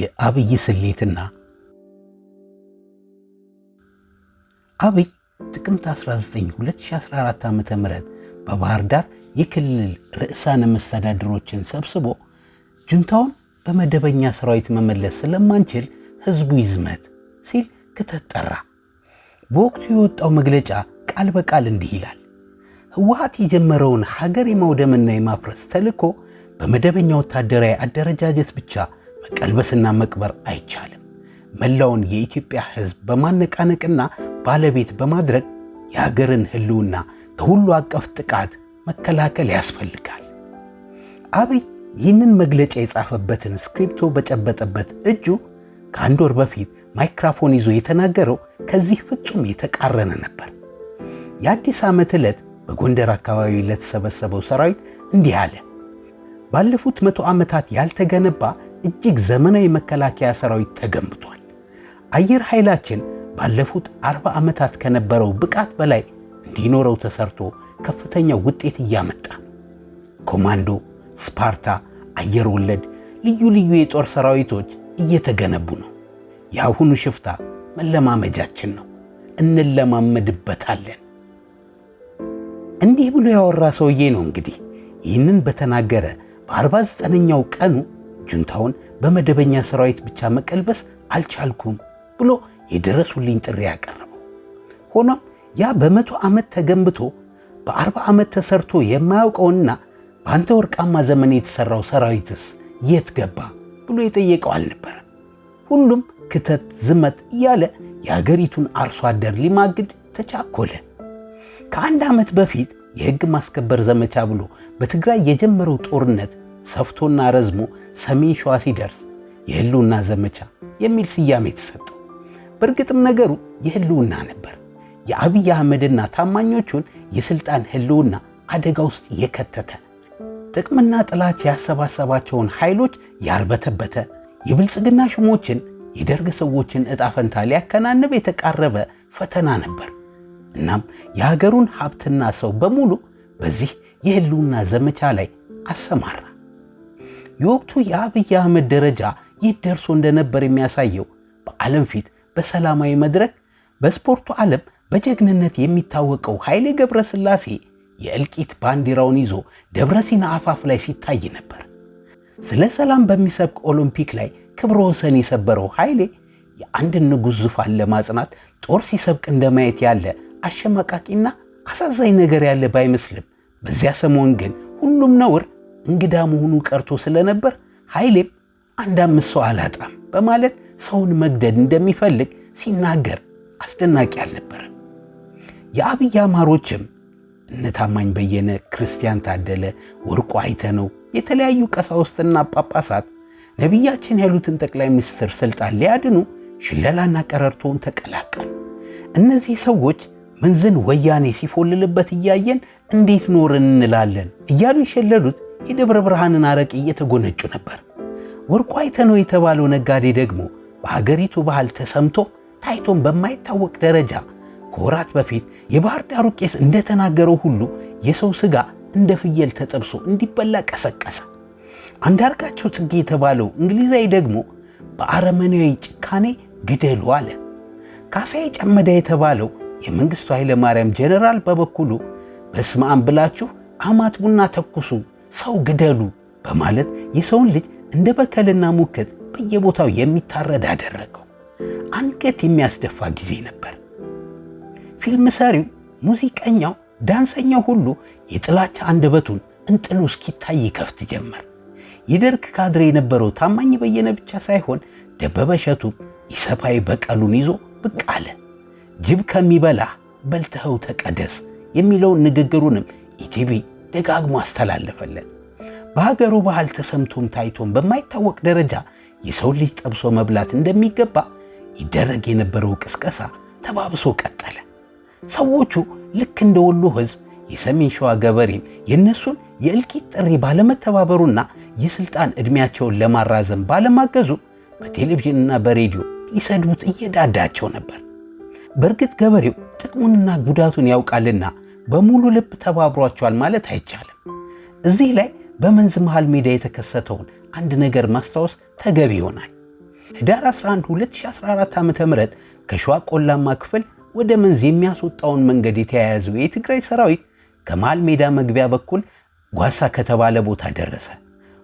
የአብይ ስሌትና አብይ ጥቅምት 19 2014 ዓ.ም በባህር ዳር የክልል ርዕሳነ መስተዳድሮችን ሰብስቦ ጁንታውን በመደበኛ ሰራዊት መመለስ ስለማንችል ህዝቡ ይዝመት ሲል ክተት ጠራ። በወቅቱ የወጣው መግለጫ ቃል በቃል እንዲህ ይላል። ህወሓት የጀመረውን ሀገር የማውደምና የማፍረስ ተልዕኮ በመደበኛ ወታደራዊ አደረጃጀት ብቻ መቀልበስና መቅበር አይቻልም። መላውን የኢትዮጵያ ሕዝብ በማነቃነቅና ባለቤት በማድረግ የሀገርን ህልውና ከሁሉ አቀፍ ጥቃት መከላከል ያስፈልጋል። አብይ ይህንን መግለጫ የጻፈበትን ስክሪፕቶ በጨበጠበት እጁ ከአንድ ወር በፊት ማይክራፎን ይዞ የተናገረው ከዚህ ፍጹም የተቃረነ ነበር። የአዲስ ዓመት ዕለት በጎንደር አካባቢ ለተሰበሰበው ሰራዊት እንዲህ አለ። ባለፉት መቶ ዓመታት ያልተገነባ እጅግ ዘመናዊ መከላከያ ሰራዊት ተገንብቷል። አየር ኃይላችን ባለፉት 40 ዓመታት ከነበረው ብቃት በላይ እንዲኖረው ተሰርቶ ከፍተኛ ውጤት እያመጣ ኮማንዶ፣ ስፓርታ፣ አየር ወለድ፣ ልዩ ልዩ የጦር ሰራዊቶች እየተገነቡ ነው። የአሁኑ ሽፍታ መለማመጃችን ነው። እንለማመድበታለን። እንዲህ ብሎ ያወራ ሰውዬ ነው እንግዲህ ይህንን በተናገረ በ49ኛው ቀኑ ጁንታውን በመደበኛ ሰራዊት ብቻ መቀልበስ አልቻልኩም ብሎ የደረሱልኝ ጥሪ ያቀረበው። ሆኖም ያ በመቶ ዓመት ተገንብቶ በአርባ ዓመት ተሰርቶ የማያውቀውና በአንተ ወርቃማ ዘመን የተሠራው ሰራዊትስ የት ገባ ብሎ የጠየቀው አልነበረ። ሁሉም ክተት፣ ዝመት እያለ የአገሪቱን አርሶ አደር ሊማግድ ተቻኮለ። ከአንድ ዓመት በፊት የሕግ ማስከበር ዘመቻ ብሎ በትግራይ የጀመረው ጦርነት ሰፍቶና ረዝሞ ሰሜን ሸዋ ሲደርስ የህልውና ዘመቻ የሚል ስያሜ የተሰጠው። በእርግጥም ነገሩ የህልውና ነበር። የአብይ አህመድና ታማኞቹን የሥልጣን ህልውና አደጋ ውስጥ የከተተ ጥቅምና ጥላች ያሰባሰባቸውን ኃይሎች ያርበተበተ የብልጽግና ሹሞችን የደርግ ሰዎችን ዕጣ ፈንታ ሊያከናንብ የተቃረበ ፈተና ነበር። እናም የሀገሩን ሀብትና ሰው በሙሉ በዚህ የህልውና ዘመቻ ላይ አሰማራ። የወቅቱ የአብይ አህመድ ደረጃ የት ደርሶ እንደነበር የሚያሳየው በዓለም ፊት በሰላማዊ መድረክ በስፖርቱ ዓለም በጀግንነት የሚታወቀው ኃይሌ ገብረስላሴ የእልቂት ባንዲራውን ይዞ ደብረ ሲና አፋፍ ላይ ሲታይ ነበር። ስለ ሰላም በሚሰብክ ኦሎምፒክ ላይ ክብረ ወሰን የሰበረው ኃይሌ የአንድን ንጉሥ ዙፋን ለማጽናት ጦር ሲሰብቅ እንደማየት ያለ አሸማቃቂና አሳዛኝ ነገር ያለ ባይመስልም፣ በዚያ ሰሞን ግን ሁሉም ነውር እንግዳ መሆኑ ቀርቶ ስለነበር ኃይሌም አንድ አምስት ሰው አላጣም በማለት ሰውን መግደል እንደሚፈልግ ሲናገር አስደናቂ አልነበረ። የአብይ አማሮችም እነ ታማኝ በየነ፣ ክርስቲያን ታደለ፣ ወርቁ አይተነው የተለያዩ ቀሳውስትና ጳጳሳት ነቢያችን ያሉትን ጠቅላይ ሚኒስትር ስልጣን ሊያድኑ ሽለላና ቀረርቶውን ተቀላቀሉ። እነዚህ ሰዎች ምንዝን ወያኔ ሲፎልልበት እያየን እንዴት ኖርን እንላለን እያሉ የሸለሉት የደብረ ብርሃንን አረቅ እየተጎነጩ ነበር። ወርቁ አይተነው የተባለው ነጋዴ ደግሞ በሀገሪቱ ባህል ተሰምቶ ታይቶን በማይታወቅ ደረጃ ከወራት በፊት የባህር ዳሩ ቄስ እንደተናገረው ሁሉ የሰው ሥጋ እንደ ፍየል ተጠብሶ እንዲበላ ቀሰቀሰ። አንዳርጋቸው ጽጌ የተባለው እንግሊዛዊ ደግሞ በአረመናዊ ጭካኔ ግደሉ አለ። ካሳይ ጨመዳ የተባለው የመንግሥቱ ኃይለማርያም ጀኔራል በበኩሉ በስመ አብ ብላችሁ አማት ቡና ተኩሱ ሰው ግደሉ በማለት የሰውን ልጅ እንደ በቀልና ሙከት በየቦታው የሚታረድ አደረገው። አንገት የሚያስደፋ ጊዜ ነበር። ፊልም ሰሪው፣ ሙዚቀኛው፣ ዳንሰኛው ሁሉ የጥላቻ አንደበቱን እንጥሉ እስኪታይ ይከፍት ጀመር። የደርግ ካድሬ የነበረው ታማኝ በየነ ብቻ ሳይሆን ደበበ እሸቱም ኢሰፓዊ በቀሉን ይዞ ብቅ አለ። ጅብ ከሚበላህ በልተኸው ተቀደስ የሚለውን ንግግሩንም ኢቲቪ ደጋግሞ አስተላለፈለት። በሀገሩ ባህል ተሰምቶም ታይቶም በማይታወቅ ደረጃ የሰው ልጅ ጠብሶ መብላት እንደሚገባ ይደረግ የነበረው ቅስቀሳ ተባብሶ ቀጠለ። ሰዎቹ ልክ እንደ ወሎ ህዝብ የሰሜን ሸዋ ገበሬም የእነሱን የእልቂት ጥሪ ባለመተባበሩና የሥልጣን ዕድሜያቸውን ለማራዘም ባለማገዙ በቴሌቪዥንና በሬዲዮ ሊሰድቡት እየዳዳቸው ነበር። በእርግጥ ገበሬው ጥቅሙንና ጉዳቱን ያውቃልና በሙሉ ልብ ተባብሯቸዋል ማለት አይቻልም። እዚህ ላይ በመንዝ መሃል ሜዳ የተከሰተውን አንድ ነገር ማስታወስ ተገቢ ይሆናል። ህዳር 11 2014 ዓ ም ከሸዋ ቆላማ ክፍል ወደ መንዝ የሚያስወጣውን መንገድ የተያያዘው የትግራይ ሰራዊት ከመሃል ሜዳ መግቢያ በኩል ጓሳ ከተባለ ቦታ ደረሰ።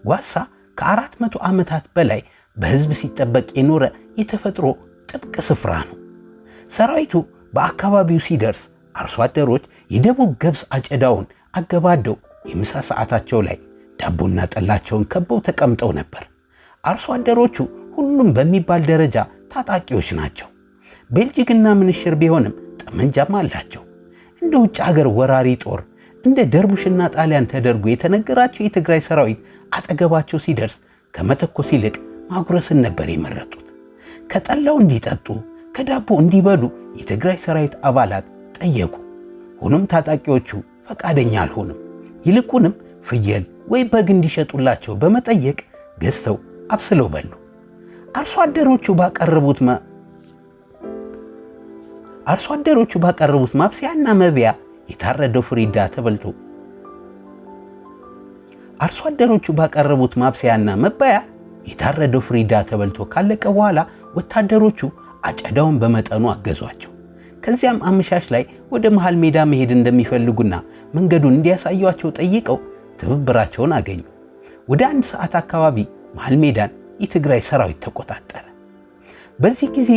ጓሳ ከአራት መቶ ዓመታት በላይ በህዝብ ሲጠበቅ የኖረ የተፈጥሮ ጥብቅ ስፍራ ነው። ሰራዊቱ በአካባቢው ሲደርስ አርሶ አደሮች የደቡብ ገብስ አጨዳውን አገባደው የምሳ ሰዓታቸው ላይ ዳቦና ጠላቸውን ከበው ተቀምጠው ነበር። አርሶ አደሮቹ ሁሉም በሚባል ደረጃ ታጣቂዎች ናቸው። ቤልጅግና ምንሽር ቢሆንም ጠመንጃም አላቸው። እንደ ውጭ ሀገር ወራሪ ጦር እንደ ደርቡሽና ጣሊያን ተደርጎ የተነገራቸው የትግራይ ሰራዊት አጠገባቸው ሲደርስ ከመተኮስ ይልቅ ማጉረስን ነበር የመረጡት። ከጠላው እንዲጠጡ ከዳቦ እንዲበሉ የትግራይ ሰራዊት አባላት ጠየቁ። ሆኖም ታጣቂዎቹ ፈቃደኛ አልሆኑም። ይልቁንም ፍየል ወይ በግ እንዲሸጡላቸው በመጠየቅ ገዝተው አብስለው በሉ። አርሶ አደሮቹ ባቀረቡት አርሶ አደሮቹ ባቀረቡት ማብሰያና መብያ የታረደው ፍሪዳ ተበልቶ አርሶ አደሮቹ ባቀረቡት ማብሰያና መባያ የታረደው ፍሪዳ ተበልቶ ካለቀ በኋላ ወታደሮቹ አጨዳውን በመጠኑ አገዟቸው። ከዚያም አመሻሽ ላይ ወደ መሃል ሜዳ መሄድ እንደሚፈልጉና መንገዱን እንዲያሳዩአቸው ጠይቀው ትብብራቸውን አገኙ። ወደ አንድ ሰዓት አካባቢ መሃል ሜዳን የትግራይ ሰራዊት ተቆጣጠረ። በዚህ ጊዜ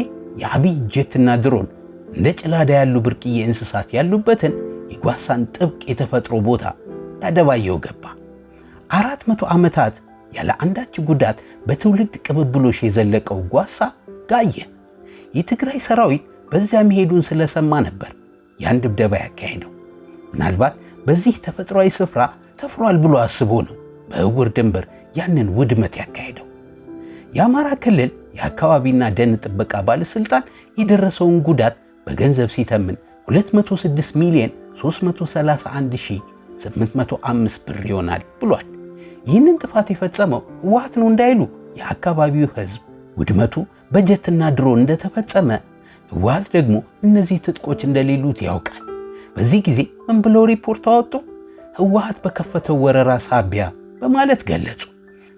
የአብይ ጀትና ድሮን እንደ ጭላዳ ያሉ ብርቅዬ እንስሳት ያሉበትን የጓሳን ጥብቅ የተፈጥሮ ቦታ ያደባየው ገባ። አራት መቶ ዓመታት ያለ አንዳች ጉዳት በትውልድ ቅብብሎሽ የዘለቀው ጓሳ ጋየ። የትግራይ ሰራዊት በዚያ መሄዱን ስለሰማ ነበር ያን ድብደባ ያካሄደው። ምናልባት በዚህ ተፈጥሯዊ ስፍራ ሰፍሯል ብሎ አስቦ ነው በእውር ድንበር ያንን ውድመት ያካሄደው። የአማራ ክልል የአካባቢና ደን ጥበቃ ባለሥልጣን የደረሰውን ጉዳት በገንዘብ ሲተምን 206 ሚሊዮን 331805 ብር ይሆናል ብሏል። ይህንን ጥፋት የፈጸመው ህወሓት ነው እንዳይሉ የአካባቢው ህዝብ ውድመቱ በጀትና ድሮን እንደተፈጸመ ዋዝ ደግሞ እነዚህ ትጥቆች እንደሌሉት ያውቃል። በዚህ ጊዜ ምን ብለው ሪፖርት አወጡ? ህወሓት በከፈተው ወረራ ሳቢያ በማለት ገለጹ።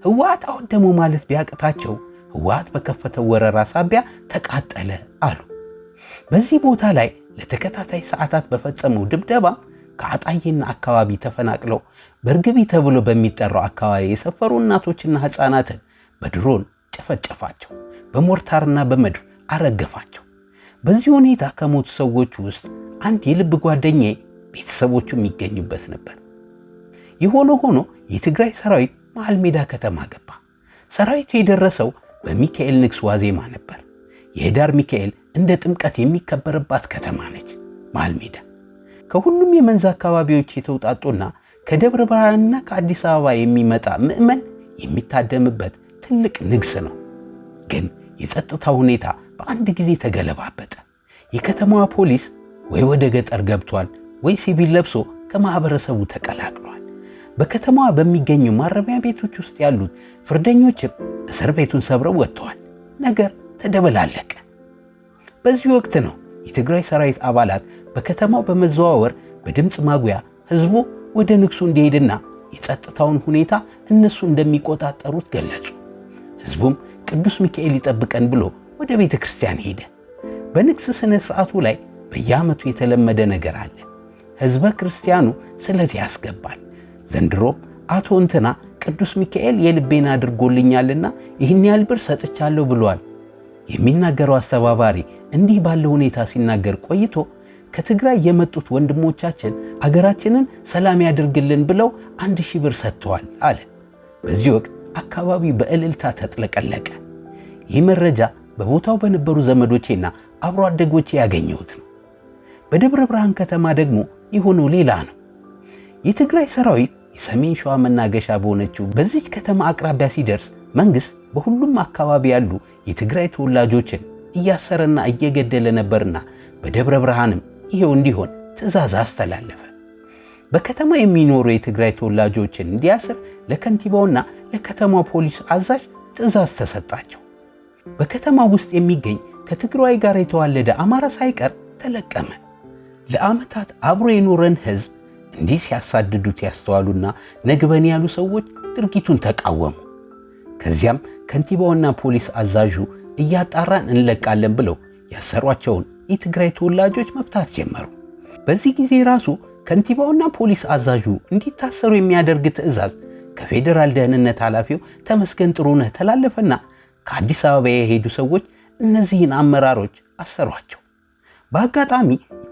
ህወሓት አሁን ደግሞ ማለት ቢያቅታቸው ህወሓት በከፈተው ወረራ ሳቢያ ተቃጠለ አሉ። በዚህ ቦታ ላይ ለተከታታይ ሰዓታት በፈጸመው ድብደባ ከአጣዬና አካባቢ ተፈናቅለው በርግቢ ተብሎ በሚጠራው አካባቢ የሰፈሩ እናቶችና ህፃናትን በድሮን ጨፈጨፋቸው፣ በሞርታርና በመድፍ አረገፋቸው። በዚህ ሁኔታ ከሞቱ ሰዎች ውስጥ አንድ የልብ ጓደኛዬ ቤተሰቦቹ የሚገኙበት ነበር። የሆነ ሆኖ የትግራይ ሰራዊት መሃል ሜዳ ከተማ ገባ። ሰራዊቱ የደረሰው በሚካኤል ንግሥ ዋዜማ ነበር። የህዳር ሚካኤል እንደ ጥምቀት የሚከበርባት ከተማ ነች። መሃል ሜዳ ከሁሉም የመንዝ አካባቢዎች የተውጣጡና ከደብረ ብርሃንና ከአዲስ አበባ የሚመጣ ምዕመን የሚታደምበት ትልቅ ንግስ ነው። ግን የጸጥታ ሁኔታ በአንድ ጊዜ ተገለባበጠ። የከተማዋ ፖሊስ ወይ ወደ ገጠር ገብቷል ወይ ሲቪል ለብሶ ከማኅበረሰቡ ተቀላቅሏል። በከተማዋ በሚገኙ ማረሚያ ቤቶች ውስጥ ያሉት ፍርደኞችም እስር ቤቱን ሰብረው ወጥተዋል። ነገር ተደበላለቀ። በዚህ ወቅት ነው የትግራይ ሰራዊት አባላት በከተማው በመዘዋወር በድምፅ ማጉያ ህዝቡ ወደ ንግሱ እንዲሄድና የጸጥታውን ሁኔታ እነሱ እንደሚቆጣጠሩት ገለጹ። ህዝቡም ቅዱስ ሚካኤል ይጠብቀን ብሎ ወደ ቤተ ክርስቲያን ሄደ። በንግሥ ሥነ ሥርዓቱ ላይ በየዓመቱ የተለመደ ነገር አለ። ሕዝበ ክርስቲያኑ ስለት ያስገባል። ዘንድሮም አቶ እንትና ቅዱስ ሚካኤል የልቤን አድርጎልኛልና ይህን ያህል ብር ሰጥቻለሁ ብሏል። የሚናገረው አስተባባሪ እንዲህ ባለ ሁኔታ ሲናገር ቆይቶ ከትግራይ የመጡት ወንድሞቻችን አገራችንን ሰላም ያድርግልን ብለው አንድ ሺህ ብር ሰጥተዋል አለ። በዚህ ወቅት አካባቢ በእልልታ ተጥለቀለቀ። ይህ መረጃ በቦታው በነበሩ ዘመዶቼና አብሮ አደጎቼ ያገኘሁት ነው። በደብረ ብርሃን ከተማ ደግሞ የሆነው ሌላ ነው። የትግራይ ሰራዊት የሰሜን ሸዋ መናገሻ በሆነችው በዚች ከተማ አቅራቢያ ሲደርስ መንግሥት በሁሉም አካባቢ ያሉ የትግራይ ተወላጆችን እያሰረና እየገደለ ነበርና በደብረ ብርሃንም ይሄው እንዲሆን ትእዛዝ አስተላለፈ። በከተማ የሚኖሩ የትግራይ ተወላጆችን እንዲያስር ለከንቲባውና ለከተማው ፖሊስ አዛዥ ትእዛዝ ተሰጣቸው። በከተማ ውስጥ የሚገኝ ከትግራይ ጋር የተዋለደ አማራ ሳይቀር ተለቀመ። ለዓመታት አብሮ የኖረን ህዝብ እንዲህ ሲያሳድዱት ያስተዋሉና ነግበን ያሉ ሰዎች ድርጊቱን ተቃወሙ። ከዚያም ከንቲባውና ፖሊስ አዛዡ እያጣራን እንለቃለን ብለው ያሰሯቸውን የትግራይ ተወላጆች መፍታት ጀመሩ። በዚህ ጊዜ ራሱ ከንቲባውና ፖሊስ አዛዡ እንዲታሰሩ የሚያደርግ ትዕዛዝ ከፌዴራል ደህንነት ኃላፊው ተመስገን ጥሩነህ ተላለፈና ከአዲስ አበባ የሄዱ ሰዎች እነዚህን አመራሮች አሰሯቸው። በአጋጣሚ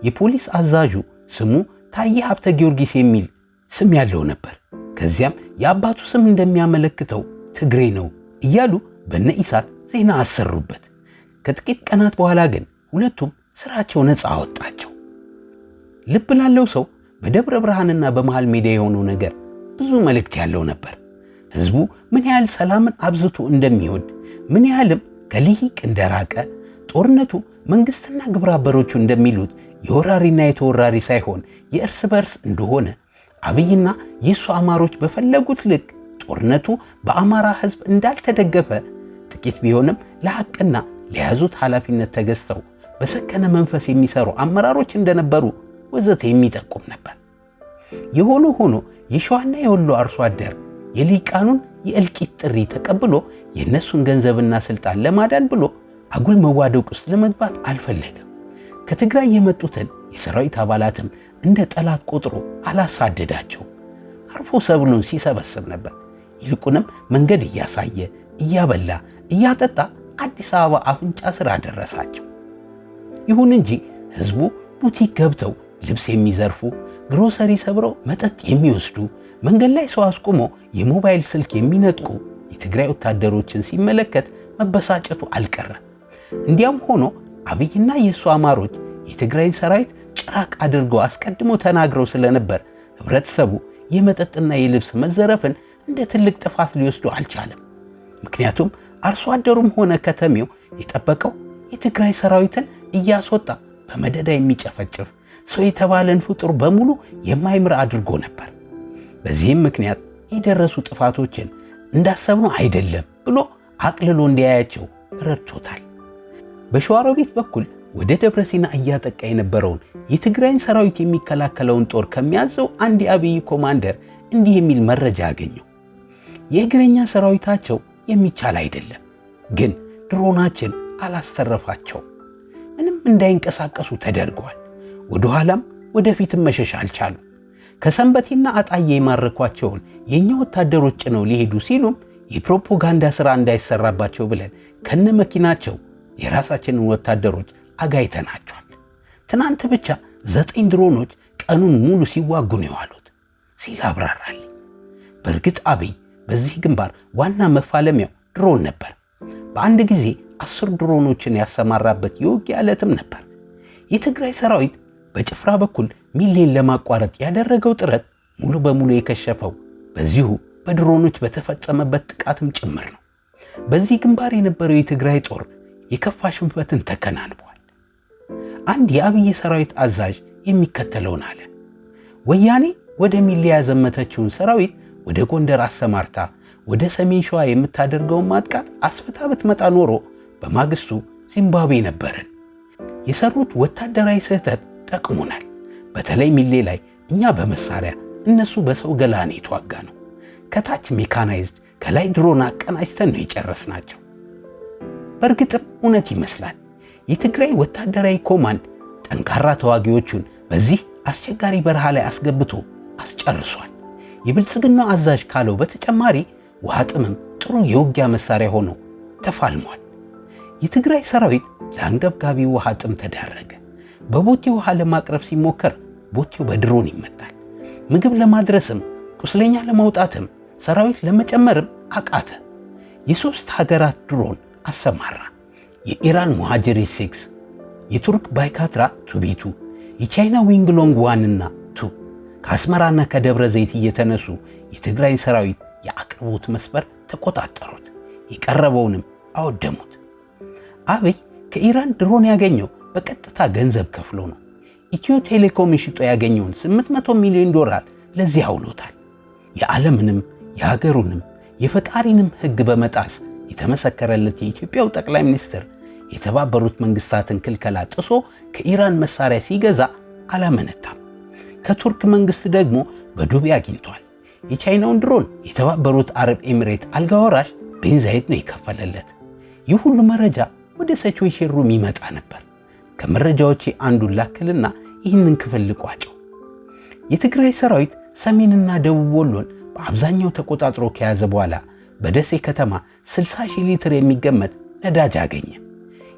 የፖሊስ አዛዡ ስሙ ታዬ ሀብተ ጊዮርጊስ የሚል ስም ያለው ነበር። ከዚያም የአባቱ ስም እንደሚያመለክተው ትግሬ ነው እያሉ በነ ኢሳት ዜና አሰሩበት። ከጥቂት ቀናት በኋላ ግን ሁለቱም ስራቸው ነፃ አወጣቸው። ልብ ላለው ሰው በደብረ ብርሃንና በመሃል ሜዳ የሆነው ነገር ብዙ መልእክት ያለው ነበር። ህዝቡ ምን ያህል ሰላምን አብዝቶ እንደሚወድ ምን ያህልም ከልሂቅ እንደራቀ ጦርነቱ መንግሥትና ግብረአበሮቹ እንደሚሉት የወራሪና የተወራሪ ሳይሆን የእርስ በርስ እንደሆነ አብይና የእሱ አማሮች በፈለጉት ልክ ጦርነቱ በአማራ ሕዝብ እንዳልተደገፈ ጥቂት ቢሆንም ለሐቅና ለያዙት ኃላፊነት ተገዝተው በሰከነ መንፈስ የሚሰሩ አመራሮች እንደነበሩ ወዘተ የሚጠቁም ነበር። የሆነ ሆኖ የሸዋና የወሎ አርሶ አደር የሊቃኑን የእልቂት ጥሪ ተቀብሎ የእነሱን ገንዘብና ስልጣን ለማዳን ብሎ አጉል መዋደቅ ውስጥ ለመግባት አልፈለገም። ከትግራይ የመጡትን የሰራዊት አባላትም እንደ ጠላት ቆጥሮ አላሳደዳቸው። አርፎ ሰብሉን ሲሰበስብ ነበር። ይልቁንም መንገድ እያሳየ እያበላ እያጠጣ አዲስ አበባ አፍንጫ ስር አደረሳቸው። ይሁን እንጂ ህዝቡ ቡቲክ ገብተው ልብስ የሚዘርፉ፣ ግሮሰሪ ሰብረው መጠጥ የሚወስዱ መንገድ ላይ ሰው አስቆሞ የሞባይል ስልክ የሚነጥቁ የትግራይ ወታደሮችን ሲመለከት መበሳጨቱ አልቀረም። እንዲያም ሆኖ አብይና የእሱ አማሮች የትግራይን ሰራዊት ጭራቅ አድርገው አስቀድሞ ተናግረው ስለነበር ህብረተሰቡ የመጠጥና የልብስ መዘረፍን እንደ ትልቅ ጥፋት ሊወስዱ አልቻለም። ምክንያቱም አርሶ አደሩም ሆነ ከተሜው የጠበቀው የትግራይ ሰራዊትን እያስወጣ በመደዳ የሚጨፈጭፍ ሰው የተባለን ፍጡር በሙሉ የማይምር አድርጎ ነበር። በዚህም ምክንያት የደረሱ ጥፋቶችን እንዳሰብነው አይደለም ብሎ አቅልሎ እንዲያያቸው ረድቶታል። በሸዋሮቢት በኩል ወደ ደብረ ሲና እያጠቃ የነበረውን የትግራይን ሰራዊት የሚከላከለውን ጦር ከሚያዘው አንድ የአብይ ኮማንደር እንዲህ የሚል መረጃ አገኘው። የእግረኛ ሰራዊታቸው የሚቻል አይደለም፣ ግን ድሮናችን አላሰረፋቸው። ምንም እንዳይንቀሳቀሱ ተደርገዋል። ወደኋላም ወደፊትም መሸሽ አልቻሉም። ከሰንበቴና አጣዬ የማረኳቸውን የእኛ ወታደሮች ጭነው ሊሄዱ ሲሉም የፕሮፓጋንዳ ሥራ እንዳይሰራባቸው ብለን ከነ መኪናቸው የራሳችንን ወታደሮች አጋይተናቸዋል። ትናንት ብቻ ዘጠኝ ድሮኖች ቀኑን ሙሉ ሲዋጉን የዋሉት ሲል አብራራል በእርግጥ አብይ በዚህ ግንባር ዋና መፋለሚያው ድሮን ነበር። በአንድ ጊዜ አስር ድሮኖችን ያሰማራበት የውጊያ ዕለትም ነበር። የትግራይ ሰራዊት በጭፍራ በኩል ሚሌን ለማቋረጥ ያደረገው ጥረት ሙሉ በሙሉ የከሸፈው በዚሁ በድሮኖች በተፈጸመበት ጥቃትም ጭምር ነው። በዚህ ግንባር የነበረው የትግራይ ጦር የከፋ ሽንፈትን ተከናንቧል። አንድ የአብይ ሰራዊት አዛዥ የሚከተለውን አለ። ወያኔ ወደ ሚሌ ያዘመተችውን ሰራዊት ወደ ጎንደር አሰማርታ ወደ ሰሜን ሸዋ የምታደርገውን ማጥቃት አስፍታ ብትመጣ ኖሮ በማግስቱ ዚምባብዌ ነበርን። የሰሩት ወታደራዊ ስህተት ጠቅሞናል። በተለይ ሚሌ ላይ እኛ በመሳሪያ እነሱ በሰው ገላን የተዋጋ ነው። ከታች ሜካናይዝድ ከላይ ድሮን አቀናጅተን ነው የጨረስ ናቸው። በእርግጥም እውነት ይመስላል። የትግራይ ወታደራዊ ኮማንድ ጠንካራ ተዋጊዎቹን በዚህ አስቸጋሪ በረሃ ላይ አስገብቶ አስጨርሷል። የብልጽግናው አዛዥ ካለው በተጨማሪ ውሃ ጥምም ጥሩ የውጊያ መሳሪያ ሆኖ ተፋልሟል። የትግራይ ሰራዊት ለአንገብጋቢ ውሃ ጥም ተዳረገ። በቦቴ ውሃ ለማቅረብ ሲሞከር ቦቴው በድሮን ይመታል። ምግብ ለማድረስም ቁስለኛ ለማውጣትም ሰራዊት ለመጨመርም አቃተ። የሦስት ሀገራት ድሮን አሰማራ። የኢራን ሙሃጅሪ ሴክስ፣ የቱርክ ባይካትራ ቱቢቱ፣ የቻይና ዊንግሎንግ ዋንና ቱ ከአስመራና ከደብረ ዘይት እየተነሱ የትግራይ ሰራዊት የአቅርቦት መስመር ተቆጣጠሩት። የቀረበውንም አወደሙት። አብይ ከኢራን ድሮን ያገኘው በቀጥታ ገንዘብ ከፍሎ ነው ኢትዮ ቴሌኮም ሽጦ ያገኘውን 800 ሚሊዮን ዶላር ለዚህ አውሎታል። የዓለምንም የሀገሩንም የፈጣሪንም ሕግ በመጣስ የተመሰከረለት የኢትዮጵያው ጠቅላይ ሚኒስትር የተባበሩት መንግስታትን ክልከላ ጥሶ ከኢራን መሳሪያ ሲገዛ አላመነታም። ከቱርክ መንግስት ደግሞ በዱቤ አግኝቷል። የቻይናውን ድሮን የተባበሩት አረብ ኤሚሬት አልጋ ወራሽ ቤንዛይድ ነው የከፈለለት። ይህ ሁሉ መረጃ ወደ ሰቾ ሼሩም ይመጣ ነበር። ከመረጃዎች አንዱን ላክልና ይህንን ክፍል ልቋጨው። የትግራይ ሰራዊት ሰሜንና ደቡብ ወሎን በአብዛኛው ተቆጣጥሮ ከያዘ በኋላ በደሴ ከተማ 60 ሺህ ሊትር የሚገመት ነዳጅ አገኘ።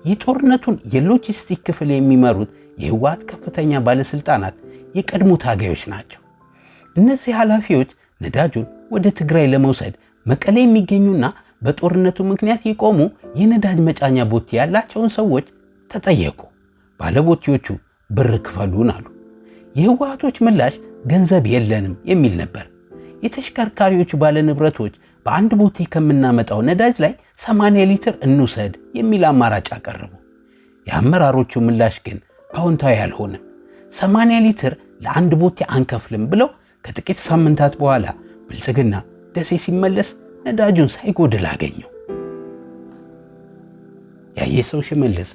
የጦርነቱን የሎጂስቲክ ክፍል የሚመሩት የህወሓት ከፍተኛ ባለሥልጣናት የቀድሞ ታጋዮች ናቸው። እነዚህ ኃላፊዎች ነዳጁን ወደ ትግራይ ለመውሰድ መቀሌ የሚገኙና በጦርነቱ ምክንያት የቆሙ የነዳጅ መጫኛ ቦቴ ያላቸውን ሰዎች ተጠየቁ። ባለቦቴዎቹ ብር ክፈሉን አሉ። የህወሀቶች ምላሽ ገንዘብ የለንም የሚል ነበር። የተሽከርካሪዎቹ ባለንብረቶች በአንድ ቦቴ ከምናመጣው ነዳጅ ላይ 80 ሊትር እንውሰድ የሚል አማራጭ አቀረቡ። የአመራሮቹ ምላሽ ግን አዎንታዊ አልሆነም። 80 ሊትር ለአንድ ቦቴ አንከፍልም ብለው ከጥቂት ሳምንታት በኋላ ብልጽግና ደሴ ሲመለስ ነዳጁን ሳይጎድል አገኘው። ያየ ሰው ሽመልስ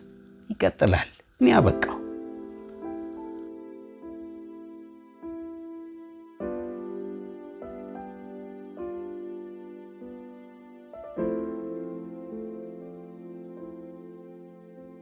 ይቀጥላል። እኔ አበቃው።